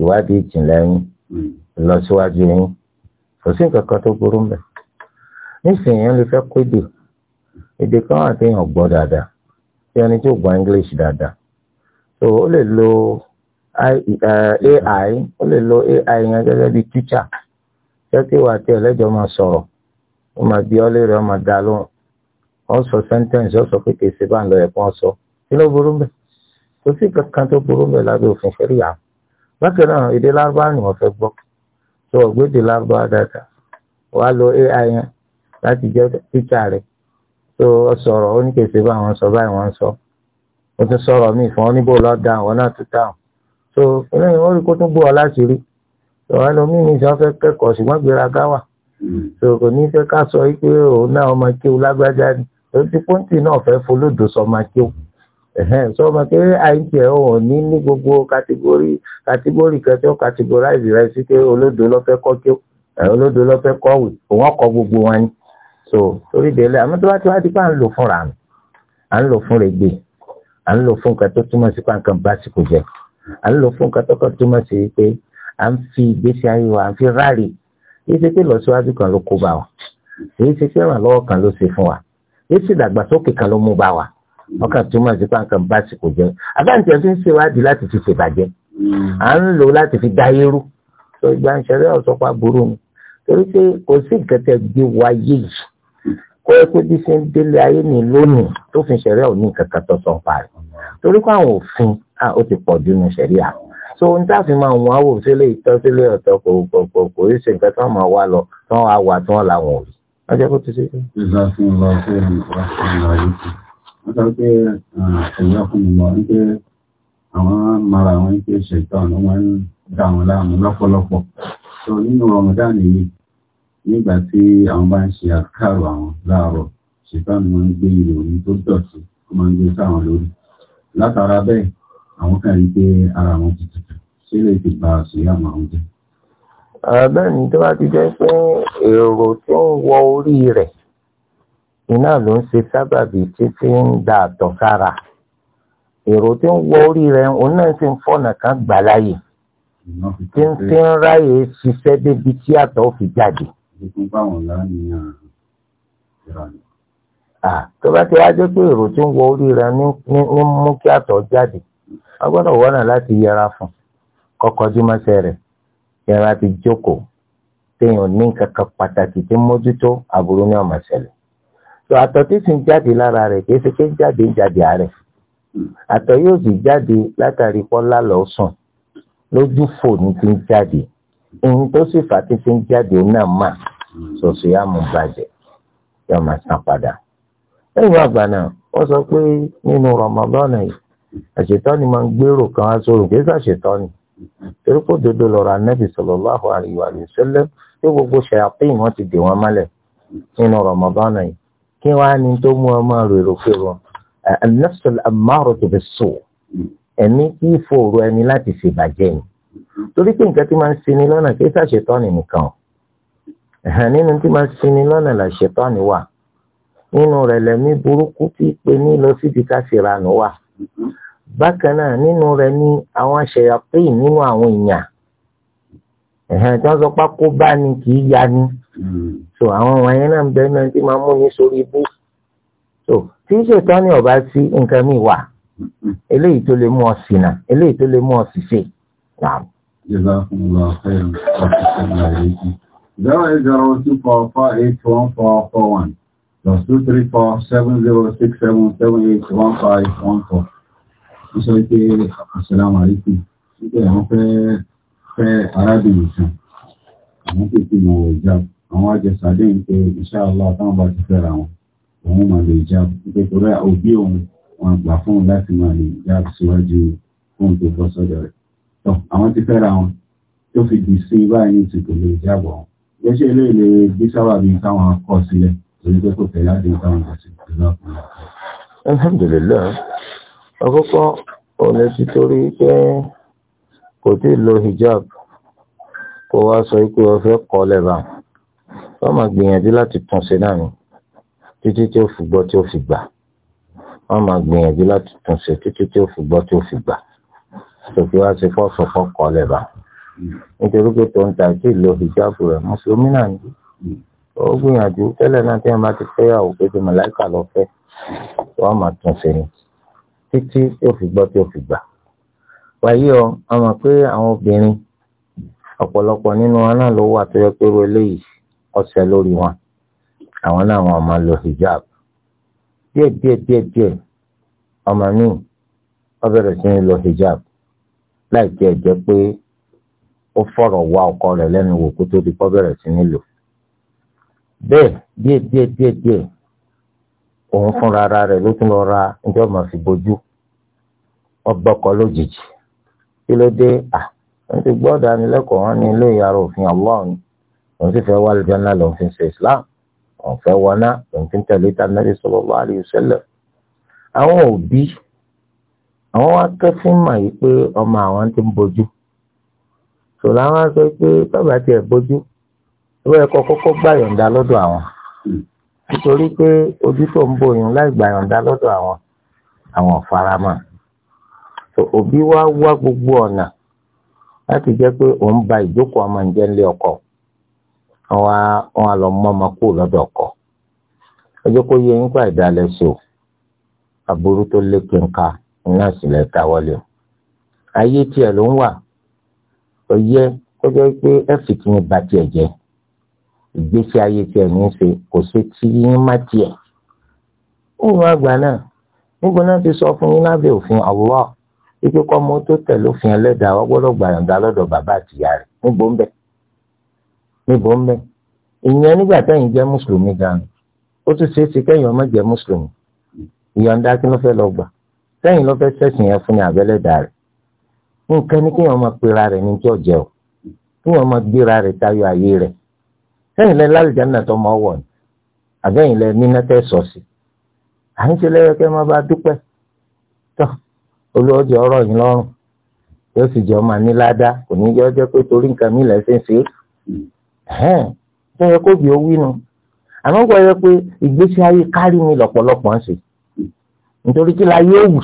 ìwádìí ìjìnlẹ̀ yín hmm. ìlọsíwájú yín kò sí nǹkan kan tó burú mẹ́ nísìnyí ń lè fẹ́ kó èdè èdè kan wà téèyàn gbọ́ dáadáa tí ẹni tó gbọ́ English dáadáa so ó lè lo AI uh, ó lè lo AI yẹn gẹ́gẹ́ bí tíṣà jẹ́kí wà tí ẹlẹ́jọ́ máa sọ̀rọ̀ ó máa bí ọ́ léèrè ọmọ dá lóhùn wọ́n sọ sẹ́ńtẹ́ǹsì ó sọ pé kì í ṣe bá ń lọ ẹ̀kọ́ sọ kí ló burú bẹ́ẹ̀ kò sí kankan tó burú bẹ́ẹ̀ lábẹ́ òfin ṣẹ́ríyà bákan náà èdè lárúbáwá ni wọ́n fẹ́ gbọ́ tó ọ̀gbẹ́dẹ̀ lárúbáwá dáadáa wàá lo AI yẹn láti jẹ́ tíṣà rẹ̀ tó ọ sọ̀rọ̀ ó ní kì í ṣe bá wọn sọ báyìí wọ́n sọ ó tún sọ̀rọ̀ míì fún ọ níbo lọ́ọ́ so eléyìí wọ́n rí kó tún bó ọ láṣìírí so ẹlòmíì ní ìṣàn fẹ́ kẹ́kọ̀ọ́ ṣùgbọ́n gbéraga wà hmm. so kò ní fẹ́ ká sọ pé òun náà ọmọ kéwu lágbájá ni tó ti pọ́ǹtì náà fẹ́ folódò sọmọ kéwu sọmọ pé àìntì ẹ̀ ò ní ní gbogbo kàtígórì kàtígórì kẹtọ́ kàtígóráìsì rẹ sí pé olódò ló fẹ́ kọ́ kéwu olódò ló fẹ́ kọ́wì òun ọkọ̀ gbogbo wọn ni so torí délé àmọ́ tó bá ti wá di pé à ń lò fúnra à ń lò fún rẹ̀ gbé à ń lò fún kẹtọ́ túmọ̀ sí pàǹkan bá sì kò jẹ́ à ń lò fún nǹkan tọkọ túmọ̀ sí pé à ń fi ìgbésí ayé wa à ń fi ráàlì yìí ṣe pé lọ́síwájú kan ló kó bá wa yìí ṣe pé ìrànlọ́wọ́ kan ló ṣe fún wa yìí ṣe ìdàgbàsókè kan ló mú bá wa ọkàn túmọ̀ sí pé nǹkan bá sì kò jẹ́ àbáǹtí ẹ̀ fi ń ṣèwádìí láti fi ṣèbàjẹ́ à ń lò láti fi dáyé rú sọ ìgbà ìṣẹ̀lẹ̀ ọ̀sọ́pá burú ni torí pé kò sí nǹkan tẹ́ gbé wáyé yìí kó ẹ pé bí ṣe délé ayé ni lónìí tó fi ṣẹ̀rẹ̀ òní nǹkan kan tó sọ pa rẹ̀ torí pé àwọn òfin à ó ti pọ̀ jù ní sẹ̀ríà so n tá fi máa wọn wò sílé ìtọ́ sílé ọ̀tọ̀ kò kò kò kò yìí ṣe nǹkan tí wọ́n máa wá lọ tí wọ́n á wà tí wọ́n làwọn ò rí ọjọ́ kó ti ṣe é. ìgbà tí mo lọ sí ẹni wá sí ìlà yìí wọ́n sọ pé ẹ̀yà fún mi wọ́n pé àwọn mara àwọn pé ṣètò àwọn máa ń dá àwọn láàmú lọ́pọ̀lọpọ̀ so nínú Ramadan yìí nígbà tí àwọn bá ń ṣe àkàrò àwọn láàárọ̀ ṣètò àwọn máa ń gbé ìròyìn tó dọ̀tí ó máa ń gbé sáwọn lórí látara bẹ́ẹ̀ àwọn kàrí pé ara wọn ti tutù ṣé lè ti ba ṣùgbọ́n àwọn jẹ́. bẹ́ẹ̀ ni tó bá ti jẹ́ pé èrò tó ń wọ orí rẹ̀ iná ló ń ṣe sábàbí títí ń da àtọ̀ sára èrò tó ń wọ orí rẹ̀ òun náà ti ń fọ̀nà kan gbà láàyè tí ń fi ń ráyè ṣiṣẹ́ débi tí àtọ̀ fi jáde. tó bá ti wá jẹ́ pé èrò tó ń wọ orí rẹ̀ ní mú kí àtọ̀ jáde a gbọ́dọ̀ wọ́nà láti yẹra fún kọ́kọ́jú mọ́sẹ̀ rẹ̀ yẹra ti jókòó téèyàn ní nǹkan kan pàtàkì tí mójútó àbúrò ní ọmọ ṣẹlẹ̀ tó àtọ̀ tí sì ń jáde lára rẹ̀ kì í ṣe pé ń jáde ń jáde àárẹ̀ àtọ̀ yóò sì jáde látàrí pọ́lá lọ́ lójú fò ní ti ń jáde ohun tó sì fà tí ti ń jáde náà mà sọ̀sù yá mú bàjẹ́ yóò máa san padà lẹ́yìn àgbà náà wọ́n sọ pé nínú rọmọdọ́nà yìí àṣetọ́ni máa ń gbèrò kan aṣọ́rò kí ẹ̀sà àṣetọ́ni torí kò dodo lọ́rọ̀ anábì sallallahu alaihi wa sallam tí gbogbo ṣàyàpín wọn ti dè wọn mọ́lẹ̀ nínú Ramadan yìí kí wọ́n á ní tó mú ọmọ rèrò pé wọn an-nafsul ammaratu bis-su' ẹ̀mí kí fòrò ẹni láti ṣèbàjẹ́ ni torí pé nǹkan tí máa ń sinmi lọ́nà kí ẹ̀sà àṣetọ́ni nìkan nínú tí máa ń sinmi lọ́nà làṣetọ́ni wà nínú rẹ̀ lẹ́mí burúkú tí pé ní lọ síbi ká ṣèrànù wà bákan náà nínú rẹ̀ ní àwọn ṣèyàpín nínú àwọn èèyàn ẹ̀hẹ́n tí wọ́n sọ pé kó bá ní kì í ya ni hmm. so àwọn wọ̀nyẹn náà ń bẹ́ẹ̀ náà tí máa mú ní sórí ibú so tí ṣètọ́ ni ọba sí nǹkan mi wà eléyìí tó lè mú ọ ṣìnà eléyìí tó lè mú ọ ṣìṣe. Zero eight zero two four four eight one four four one plus two three four seven zero six seven seven eight one five one four ó sọ pé àṣàlámà àríkù nígbà àwọn fẹ́ fẹ́ arábìnrin kan àwọn tó ti mọ ìjà àwọn àjẹsàdé ń pe iṣẹ́ aláwọ̀ táwọn bá ti fẹ́ra wọn òun máa lè ìjà pé torí òbí òun wọn gbà fóun láti máa lè ìjà síwájú fóun tó bọ́ sọ́dọ̀ rẹ̀ tọ́ àwọn ti fẹ́ra wọn tó fi dì sí báyìí ti kò lè jábọ̀ wọn gẹ́ṣẹ́ ilé ilé gbé sábà bí káwọn akọ sílẹ̀ torí pé kò tẹ̀lé àdéhùn táwọn kò sí ìlú ọkùnrin. alhamdulillah àkọ́kọ́ òun ti torí pé kò tí ì lo hijab kó wá sọ pé wọ́n fẹ́ kọ́ lẹ́bà wọ́n máa gbìyànjú láti tún ṣe náà ni títí tí ó fi gbọ́ tí ó fi gbà wọ́n máa gbìyànjú láti tún ṣe títí tí ó fi gbọ́ tí ó fi gbà tòkí wá sí fọ́ọ̀sọ̀ fọ́kọ́ lẹ́bà nítorí pé tó ń ta tí ì lo hijab rẹ̀ mùsùlùmí náà ni ó gbìyànjú tẹ́lẹ̀ náà tí wọ́n bá ti fẹ́ àwọn òkè tí màláìkà lọ fẹ́ wọ́n máa tún ṣe ni títí yóò fi gbọ́ tí yóò fi gbà. wàyí o a mọ̀ pé àwọn obìnrin ọ̀pọ̀lọpọ̀ nínú wọn náà ló wà tó yẹ pé ro eléyìí ọ̀sẹ̀ lórí wọn àwọn náà wọn máa lo hijab díẹ̀ díẹ̀ díẹ̀ díẹ̀ ọmọ mi ó bẹ̀rẹ̀ sí ní lo hijab láì tiẹ̀ jẹ́ pé ó fọ̀rọ̀ wá ọkọ rẹ̀ lẹ́nu wò kó tó di kó bẹ̀rẹ̀ sí ní lò bẹ́ẹ̀ díẹ̀ díẹ̀ díẹ̀ díẹ̀ òun fúnra ara rẹ̀ ló tún lọ ra níjọ́ máa fi bojú ọgbọ́kọ lójijì kí ló dé à wọ́n ti gbọ́ dánilẹ́kọ̀ọ́ wọn ní ilé ìyàrá òfin ọlọ́run òun sì fẹ́ wá lùjọ́nà lòun fi ṣe islam òun fẹ́ wọná lòun fi ń tẹ̀lé tànàbí sallallahu alaihi wasallam. àwọn òbí àwọn wá kẹ́fín mà yìí pé ọmọ àwọn ti ń bojú sọ̀rọ̀ àwọn sọ pé bàbá tiẹ̀ bojú ìwé ẹ̀kọ́ kọ́kọ́ gbàyọ̀ǹda lọ́dọ̀ àwọn nítorí pé ojú tó ń bòyún láì gbàyọ̀ǹda lọ́dọ̀ àwọn àwọn faramọ́ òbí wa wá gbogbo ọ̀nà láti jẹ́ pé òun ba ìjókòó ọmọ ǹjẹ́ ńlé ọkọ wọn a lọ mọ ọmọ kúrò ọkọ ọjọ́ kó yẹ yín pa o aburú tó ta wọlé ayé tiẹ̀ ló ń wà ó yẹ kó jẹ́ pé ẹ fi kíni ba tiẹ̀ ìgbésí ayé tiẹ̀ ní í ṣe kò sí sọ fún yín lábẹ́ òfin wípé kọ́ ọmọ tó tẹ̀ lófin ẹlẹ́dàá wọ́n gbọ́dọ̀ gbàyànjá lọ́dọ̀ bàbá àtìyá rẹ̀ níbo ń bẹ̀ níbo ń bẹ̀ ìyẹn nígbà tẹ́yìn jẹ́ mùsùlùmí gan ó tún ṣeé ṣe kẹ́yìn ọmọ jẹ́ mùsùlùmí ìyọ̀ǹda kí ló fẹ́ lọ gbà sẹ́yìn ló fẹ́ sẹ́sìn yẹn fún ní abẹ́lẹ́dàá rẹ̀ nǹkan ní kéèyàn máa pera rẹ̀ ní tí ọ̀jẹ̀ o kéèyàn máa gbéra rẹ̀ tayọ ayé rẹ̀ sẹ́yìn lẹ lálùjáná tó máa wọ̀ ni àbẹ́yìn lẹ níná tẹ́ à ń ṣe lẹ́yọ máa bá dúpẹ́ tó olówó jẹ́ ọ̀rọ̀ yìí lọ́rùn yóò sì jẹ́ ọmọ mi ládàá kò ní yọ jẹ́ pé torí nǹkan mi lẹ́sẹ̀ ṣe é tó yẹ kó bí owí nu àmọ́ gbọ́ yẹ pé ìgbésí ayé kárí mi lọ́pọ̀lọpọ̀ ń ṣe nítorí kí la yóò wù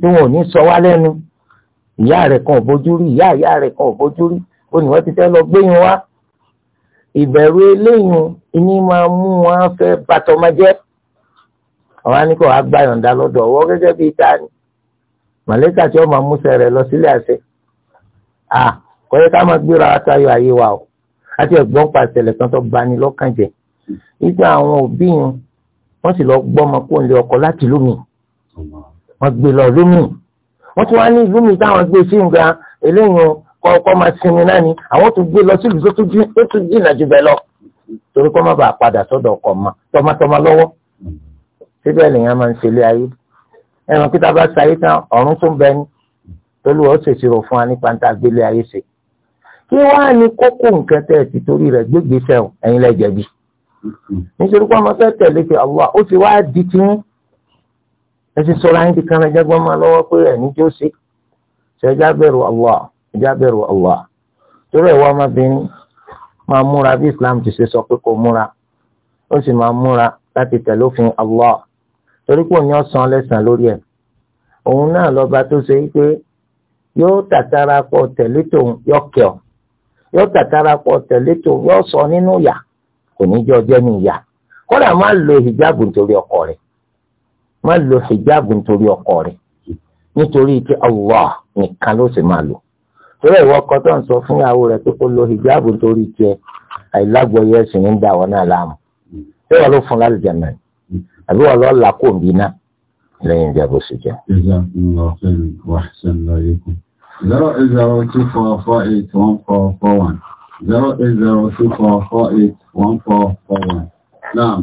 tí wọn ò ní sọ wá lẹ́nu ìyá rẹ̀ kan ò bójú rí ìyá ìyá rẹ̀ kan ò bójú rí ó ní wọ́n ti fẹ́ lọ gbéyìn wá ìbẹ̀rù eléyìn ìní máa mú wọn fẹ́ bàtọ́mọjẹ́ àwọn anìkọ́ agbáyọ̀ǹda lọ́dọ̀ ọwọ́ gẹ́gẹ́ bíi ta ni màlẹ́kà tí ó máa mú sẹ́rẹ̀ lọ sílé àṣẹ à kọ́yẹ́ ká máa gbéra tayọ ayé wa o àti ẹ̀gbọ́n pa ìṣẹ̀lẹ̀ kan tó bani lọ́kàn jẹ́ nígbà àwọn òbí yẹn wọ́n sì lọ gbọ́ ọmọ kó lè ọkọ̀ láti lómi wọ́n gbé lọ lómi wọ́n tún wá ní ìlú mi táwọn gbé sí nǹkan eléyìí kọ́ máa sinmi náà ni àwọn tún gbé lọ sílùú tó tún jìnnà jù bẹ́ẹ̀ lọ torí kọ́ má bàa padà sọ́dọ̀ ọkọ̀ mọ́ tọmọtọmọ lọ́wọ́ síbẹ̀ nìyẹn máa ń ṣe ayé ẹnu kí tábà sáyé tán ọ̀run tó ń bẹ ní tólú ọ̀ ṣèṣirò fún wa nípa níta gbélé ayé ṣe kí wàá ní kókó nǹkan tẹ̀ ti torí rẹ̀ gbégbèsè ẹ̀yin lẹ́jẹ̀bi nítorí pé ọmọ fẹ́ tẹ̀lé ti Allah ó ti wá di tí ń ẹ ti sọ̀rọ̀ ayé ti kan ẹjẹ́ gbọ́n máa lọ́wọ́ pé ẹ̀ ní ṣe ṣe ẹjá bẹ̀rù Allah ẹjá bẹ̀rù Allah torí ẹ̀wọ́ ọmọbìnrin máa múra bí Islam ti ṣe sọ pé kò múra ó sì máa múra láti tẹ̀lé òfin Allah torí pé òun yóò san lẹ́sàn lórí ẹ̀ òun náà lọ́ba tó ṣe pé yóò tàtàrà pọ̀ tẹ̀lé tòun yọ kẹ̀ ọ́ yóò tàtàrà pọ̀ tẹ̀lé tòun yọ sọ nínú yà kò ní jẹ́ ọjọ́ ní ìyà kódà má lo hijab nítorí ọkọ rẹ̀ má lo hijab nítorí ọkọ rẹ̀ nítorí pé Allah nìkan ló sì máa lò torí ìwọ ọkọ tó ń sọ fún ìyàwó rẹ̀ pé kó lo hijab nítorí tiẹ̀ àìlágbọ̀ọ́yẹ sì ń dà wọ́n náà láàmú ṣé wọ́n ló fún lálùjẹ náà àbí wà lọ́ọ́ là kó òbí náà lẹ́yìn ìjẹ́bù sí jẹ́. zero eight zero two four four eight one four four one zero eight zero two four four eight one four four one. naam.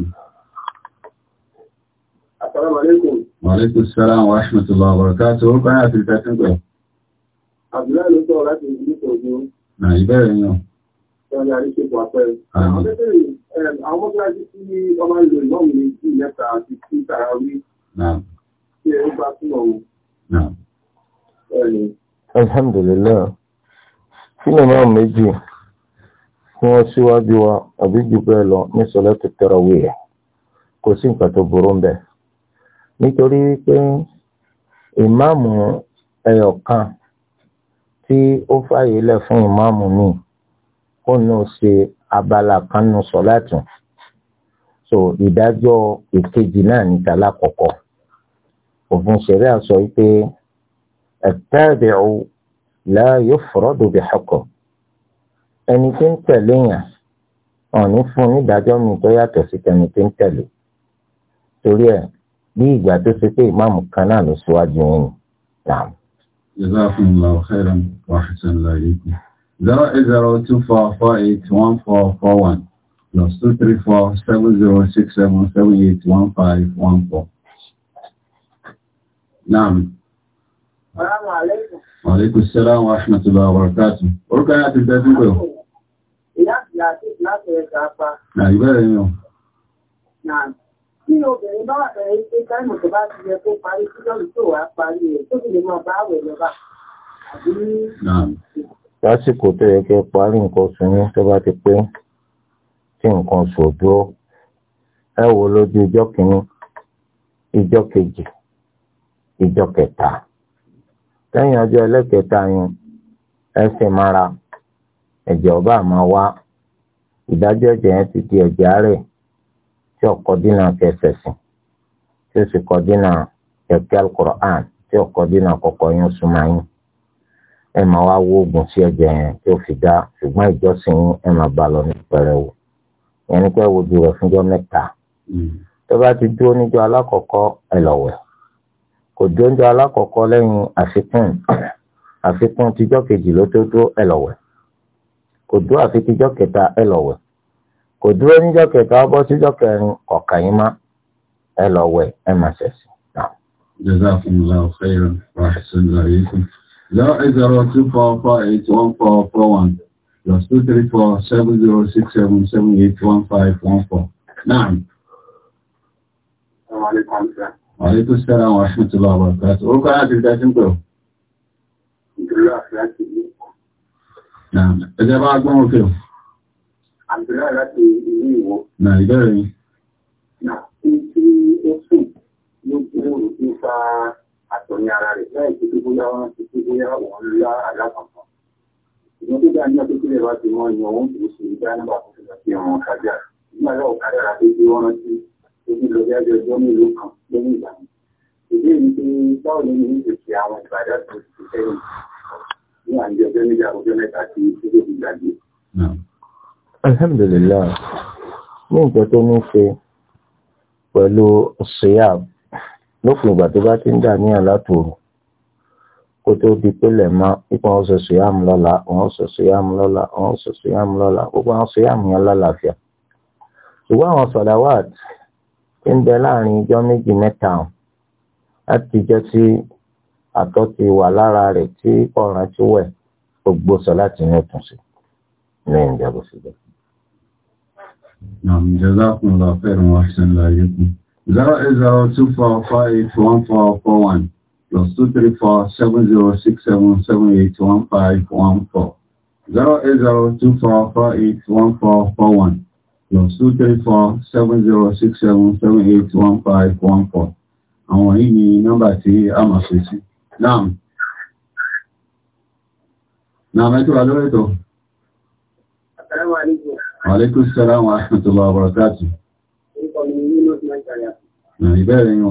asalaamualeykum. maaleykum salaam wa rahmatulah wa barakatuh. orúkọ yẹn àti ìtẹ́sí ń pẹ̀. àbúrò ló sọ̀rọ̀ láti ìlú ìṣòro. ìbéèrè yẹn o. Ìjọba àríṣepọ̀ àpẹẹrẹ. Àwọn tẹ́tẹ̀rẹ̀ àwọn mọ́tíláṣí tí ọmọ ìlú ìlọ́run ní ìlú mẹ́ta àti tí tàrà rí. Ṣé ó bá Alhamdulillah. Sínú máa méjì tí wọ́n síwájú wa àbí jù bẹ́ẹ̀ lọ ní sọ̀látù tarawih kò sí nǹkan tó burú ń bẹ̀. Nítorí wípé ìmáàmù ẹyọ̀kan tí ó fàyè lẹ̀ fún ìmáàmù míì kó náà ṣe abala kan nù sọ́láàtù so ìdájọ́ ìkejì náà ní tàlá kọ̀kọ́ òfin ṣẹ̀ríà sọ pé at-tabi'u la yufradu bihukm ẹni tí ń tẹ̀lé yàn ọ̀ní fún onídàájọ́ mi tó yàtọ̀ sí tẹni tí ń tẹ̀lé torí ẹ̀ bí ìgbà tó ṣe pé ìmáàmù kan náà ló ṣíwájú yín nà. jazakumullahu khairan wa ahsana ilaykum. Zero zero two four four four four eight one one. plus two three four seven 2347067781514. Naam. Assalamu alaikum. Wa alaikum assalam wa rahmatullahi wa barakatuh. Orúkọ yá ti bẹ́ẹ̀ pípẹ́ o. Ìyá ti láti láti ẹ̀ka apá. Nà ìbẹ̀rẹ̀ yàn. Naam. Tí obìnrin bá wà fẹ́rẹ́ pé táìmù tó bá ti yẹ kó parí sílọ́ọ̀lù tó wà parí ẹ̀ tó fi lè máa bá àwẹ̀ lọ́ba. Àbí. Naam. lásìkò tó yẹ kẹ́ parí nǹkan oṣù yín tó bá ti pé tí nǹkan oṣù dúró ẹ wò lójú ìjọ kìíní ìjọ kejì ìjọ kẹta ọba máa wá ìdájọ́ ẹ̀jẹ̀ yẹn ti di tí ọkọ dínà tí ó sì kọ dínà tí ọkọ dínà ẹ máa wá wo oògùn tí ẹ̀jẹ̀ yẹn tí ó fi dá ṣùgbọ́n ìjọsìn yín ẹ máa bá lọ ní pẹrẹwu ìyẹn ni pé wojú rẹ̀ fúnjọ́ mẹ́ta mm. tó bá ti dúró níjọ́ alákọ̀ọ́kọ́ ẹ lọ̀wẹ̀ kò dúró níjọ́ alákọ̀ọ́kọ́ lẹ́yìn àfikún àfikún tíjọ́ kejì ló tó dúró ẹ lọ̀wẹ̀ kò dúró àfi tíjọ́ kẹta ẹ lọ̀wẹ̀ kò dúró níjọ́ kẹta ọbọ̀ tíjọ́ kẹrin ọ̀kàn yín má ẹ lọ̀wẹ̀ ẹ máa ṣẹ̀sìn. جزاكم الله خيرا واحسن اليكم 08024481441 plus 2347067781514. Naam. Àlékún sára àwọn aṣíntúlọ àbàkàtà. Orúkọ láti rí dájú pẹ̀lú. Ìdúró àti láti ní. Naam. Ẹjẹ́ bá gbọ́n òkè. Àbúrá láti ìlú ìwọ. Nà ìbẹ̀rẹ̀ yìí. Nà tí tí ó sùn ló gbé òrùn nípa àtọ̀yìn ara rẹ̀ láì bóyá òun ló yá alákọ̀ọ́kọ́. ìwọ́n tó dá ní ọdún nígbà tó ní ṣe pẹ̀lú ṣìyà lópin ìgbà tó bá ti ń dà ní àlátòrò kó tó di pélé mọ́ pípa wọn ṣe sùyàmù lọ́la wọn ṣe sùyàmù lọ́la wọn ṣe sùyàmù lọ́la gbogbo àwọn sùyàmù yẹn lálàáfíà. ṣùgbọ́n àwọn sọ̀dáwàt ti ń bẹ láàrin ijọ́ méjì mẹ́ta láti jẹ́ tí àtọ̀ ti wà lára rẹ̀ tí ọ̀ràn ti wẹ̀ gbogbo sọ láti ní ìtúnṣe lẹ́yìn ìjọba zero Nam jazakumullahu khairan wa ahsana ilaykum. 08024581441 plus 234 7067 781514. 08024481441 plus 234 7067 781514. Àwọn yìí ni nọ́mbà tí a máa pè sí. Naam. Naam ẹ wà lórí ètò. Assalamu alaikum. Wa alaikum assalam wa rahmatullahi wa barakatuh. Ìbẹ̀rẹ̀ yìí.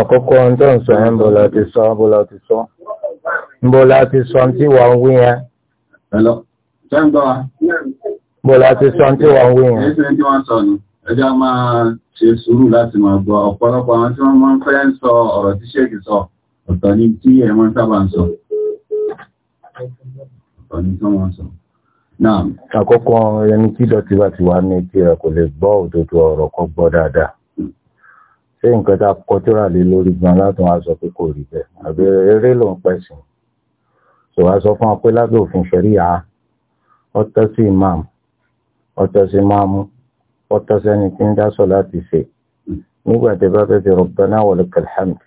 Àkọ́kọ́ ọjọ́ ń sọ ẹ́ ń bọ̀ láti sọ, ń bọ̀ láti sọ. Ń bọ̀ láti sọ tí wọ́n ń wí yẹn. Hello, ṣé ń gbọ́ wa? Ń bọ̀ láti sọ tí wọ́n ń wí yẹn. Èyí tí wọ́n sọ nù, ẹjọ́ máa ṣe sùúrù láti máa gbọ́ ọ̀pọ̀lọpọ̀ àwọn tí wọ́n máa ń fẹ́ sọ ọ̀rọ̀ tí ṣèkì sọ, ọ̀tọ̀ ni tí ẹ̀ máa ń sábà sọ. Ọ̀tọ̀ ni tí wọ́n sọ. Àkọ́kọ́ ẹni tí dọ̀tí bá ti wà ní etí rẹ̀ kò lè gbọ́ òdodo ọ̀rọ̀ kọ́ gbọ́ dáadáa. Hmm. Ṣé nǹkan tá a kọ́ tó rà lé lórí gan látún wá sọ pé kò rí bẹ́ẹ̀? Àbí eré ló ń pẹ̀sìn. Sọ wá sọ fún wa pé lábẹ́ òfin ṣẹ̀rí à ọtọ́ sí imam, ọtọ́ sí máàmú, ọtọ́ sẹ́ni tí ń dásọ̀ láti ṣe. Hmm. Nígbà tí bá fẹ́ fi Rabbana wa lakal hamd,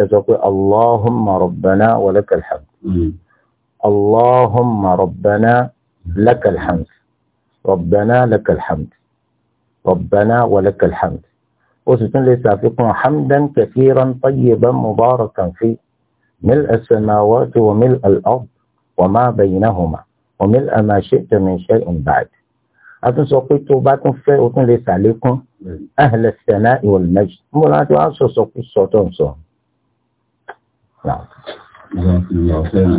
ẹ sọ pé Allahumma Rabbana wa lakal hmm. Allahumma Rabbana لك الحمد ربنا لك الحمد ربنا ولك الحمد وستن لسافقنا حمدا كثيرا طيبا مباركا فيه ملء السماوات وملء الأرض وما بينهما وملء ما شئت من شيء بعد أتنسوقي توبات في أتن ليس عليكم أهل الثناء والمجد مولاتي وعصر سوقي الصوتون صوم نعم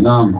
نعم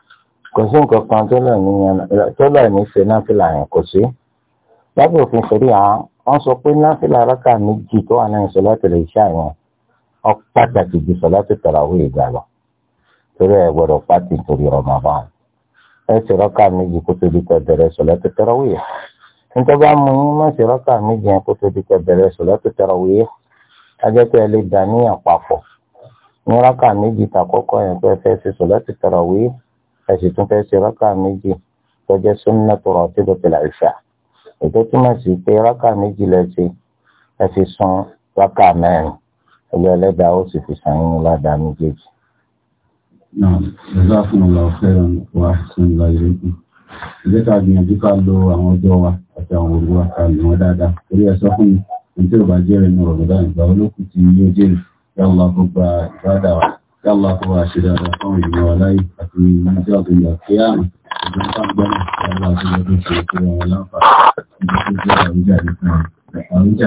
kò sí nǹkan kan tó lè ní ṣe náfìlà yẹn kò sí. lábẹ́ òfin ṣẹ̀rí à wọ́n sọ pé náfìlà rákà méjì tó wà náà sọ̀láàtì lè ṣá yẹn ọ pàtàkì ju sọ̀láàtì tàràwé ìgbà lọ. torí ẹ gbọ́dọ̀ pàtì torí ọmọ bá wọn. ẹ ṣe rákà méjì kó tó di pẹ́ bẹ̀rẹ̀ sọ̀láàtì tàràwé yẹn. nítorí bá mú yín má ṣe rákà méjì yẹn kó tó di pẹ́ bẹ̀rẹ̀ sọ̀láàtì tàràwé yẹn. ajẹ́ pé ẹ lè dà níyàn papọ̀. ní rákà méjì tàkọ́kọ́ yẹn pé ẹ fẹ́ ṣe sọ̀láàtì tàràwé yẹn ẹ sì tún fẹ́ ṣe rákà méjì tọ́jẹ́ súnmọ́ tó rọ̀ tí kò tilẹ̀ ìṣà ètò túmọ̀ sí pé rákà méjì lẹ ṣe ẹ fi sun rákà mẹ́rin ẹgbẹ́ ẹlẹ́dàá ó sì fi sàn yín ládàá méjèèjì. náà ẹ̀dá fún ọ̀la ọ̀fẹ́ wa sún ìlà ìrẹ́kù ẹ̀jẹ̀ ká gbìyànjú ká lo àwọn ọjọ́ wa àti àwọn òru wa ká lò wọ́n dáadáa torí ẹ sọ fún mi ohun tí ò bá jẹ́rìí ní ọ̀rọ̀ dáadáa ìgbà olókùn yóò jẹ́rìí yálà gbogbo ìbádàá wa يلا هو شداد قوم ولا يبقى من منجاض إلى القيامة تقبل الله سيدنا سيدنا ولا فرجع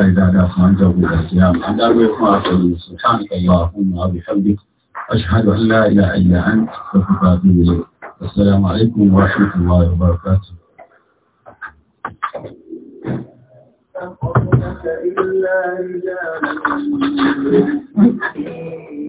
إذا إلى القيامة سبحانك اللهم وبحمدك أشهد أن لا إله إلا أنت أستغفرك إليك السلام عليكم ورحمة الله وبركاته إلا